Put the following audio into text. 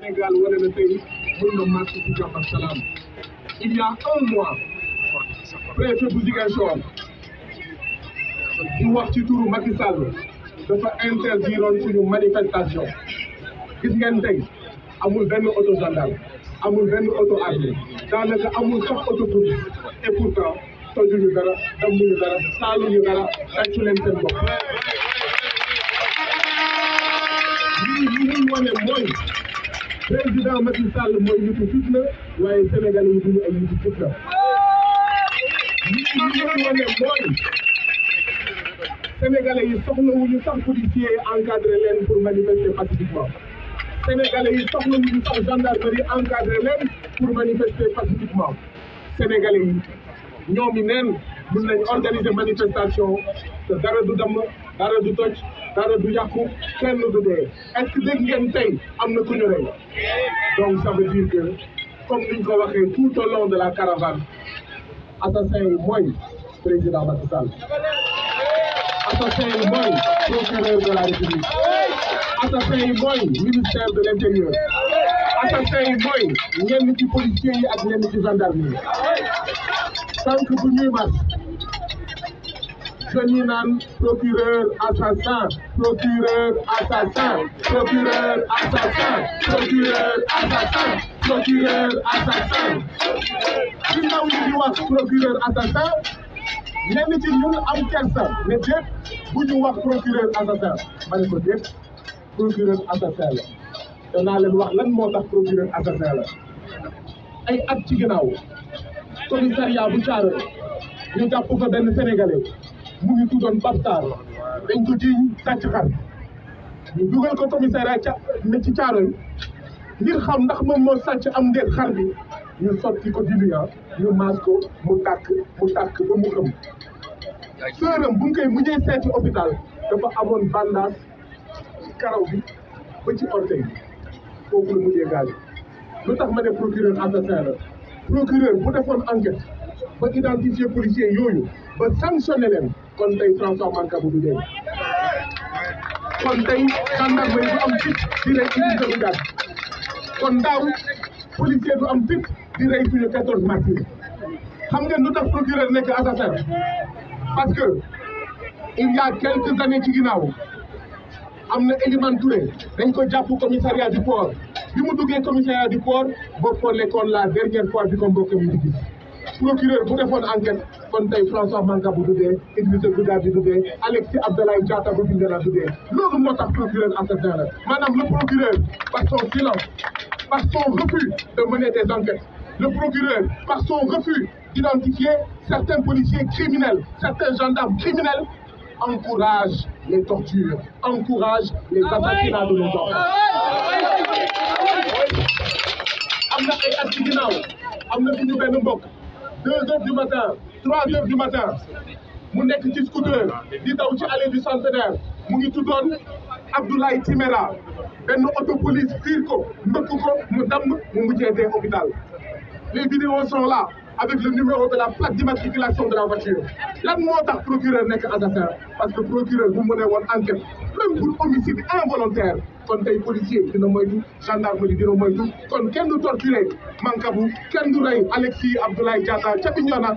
Sénégal wane na tey mën na marche ci jàmm ak salaam il y a un mois préfet bu Ziguinchor di wax ci turu Macky Sall dafa interdiroon suñu manifestation gis ngeen tey amul benn auto gendarme amul benn auto armée daanaka amul sax auto police et pourtant tojuñu dara dammuñu dara saaluñu dara tàccu leen seen bopp lii li ñu wane mooy président Macky Sall moy nitu fitna waaye Sénégalais, yi duñu ay nitu sénégalais yi wuñu sax policier encadrer pour manifester pacifiquement sénégalais yi wuñu sax gendarmerie encadrer pour manifester pacifiquement sénégalais yi mun organisé organiser manifestation de dara du damm dara du Yakou dara du est-ce que vous avez tey donc ça veut dire que comme nous ko dit tout au long de la caravane assassin est moi, président Macky Sall assassin est moi, procureur de la République assassin est moi, ministère de l'intérieur assassin est moi, ñenn ci policiers et ak ñenn ci tant que dañu naan procureur assassin procureur assassin procureur assassin procureur assassin procureur assassin ci ndaw procureur assassin am kersa bu ñu wax procureur assassin ma ne ko déet procureur assassin la danaa leen wax lan moo tax procureur assassin la ay at ci ginnaaw commissariat bu Thiaroye ñu jàpp fa benn sénégalais mu ngi tuddoon Baptar dañ ko jiiñ sàcc xar ñu dugal ko commissariat ca ne ci caaroy ngir xam ndax moom moo sàcc am ndéet xar bi ñu sotti ko diluant ñu maas ko mu tàkk mu tàkk ba mu ëm sëram bu ngi koy mujjee seeti hôpital dafa amoon bandage karaw bi ba ci orteil bi foofu la mujjee gaañu lu tax ma ne procureur assassin la procureur bu defoon enquête ba identifier policier yooyu ba sanctionné leen kon tey François Mancabou du kon tey gendarmerie du am fit di rey suñu sauvegarde kon daaw policier du am fit di rey suñu 14 martyrs xam ngeen lu tax procureur nekk assassin parce que il y a quelques années ci ginnaaw am na Elimane Touré dañ ko jàpp commissariat du port bi mu duggee commissariat du port bokkoon nekkoon la dernière fois bi ko mbokk mi di gis procureur bu defoon enquête. François Manka bu duggee Idrissa Alexis Abdallah Diatta bu Bignona duggee loolu moo tax procureur assassin la Madame le procureur par son silence par son refus de mener des enquêtes le procureur par son refus d'identifier certains policiers criminels certains gendarmes criminels encourage les tortures encourage les ah assassinats de nos enfants Amna ay at ci ginnaaw deux heures du matin trois heures du matin mu nek ci scooter di daw ci allée du centenaire mu ngi tuddoon Abdoulaye Timera. Ben auto police fiir ko mbëkk ko mu dam mu mujjee hôpital les vidéos sont là avec le numéro de la plaque d'immatriculation de la voiture La procureur n'est assassin parce que procureur vous m'avez enquête même pour homicide involontaire des policier torturé Mankabou, quelqu'un Alexis Abdoulaye Chapignana,